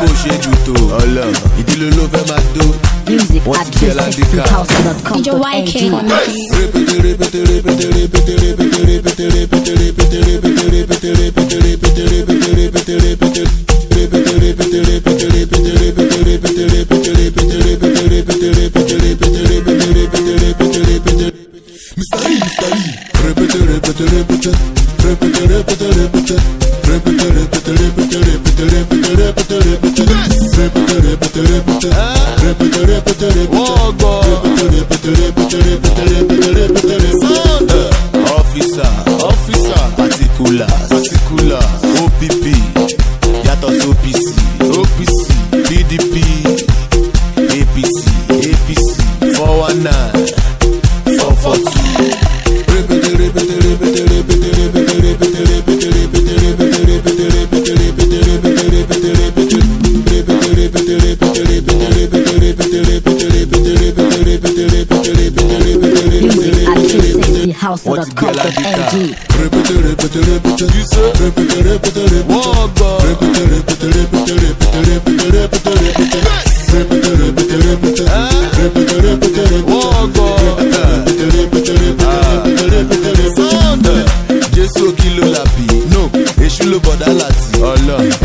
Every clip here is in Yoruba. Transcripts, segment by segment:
bó ṣe jù tó ọlọ ìdílé ló fẹ́ Whoa, God. House.com.ng Répétez,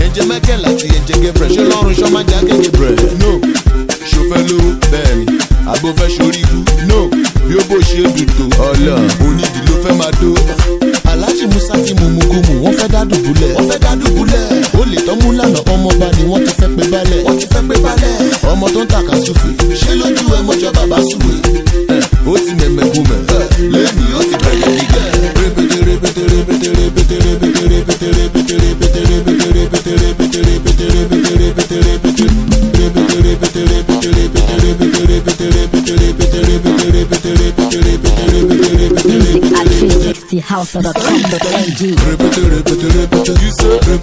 Ẹ̀jẹ̀ mẹ́kẹ́ láti ẹ̀jẹ̀ gẹ̀brẹ̀ Ṣé lọ́run ṣọ́ máa jẹ́ gẹ̀gẹ̀brẹ̀ lọ onídìí ló fẹ́ máa dó. aláàjì musa ti mú mugumu wọ́n fẹ́ dádùn búlẹ̀. wọ́n fẹ́ dádùn búlẹ̀. ó lè tọ́ mú lànà ọmọọba ni wọ́n ti fẹ́ pé balẹ̀. wọ́n ti fẹ́ pé balẹ̀. ọmọ tó ń tàkà ṣé lójú ẹ mọ́jọ bàbá sùn. At 360house.com.ng